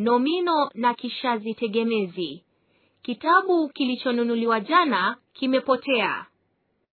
nomino na kishazi tegemezi. Kitabu kilichonunuliwa jana kimepotea.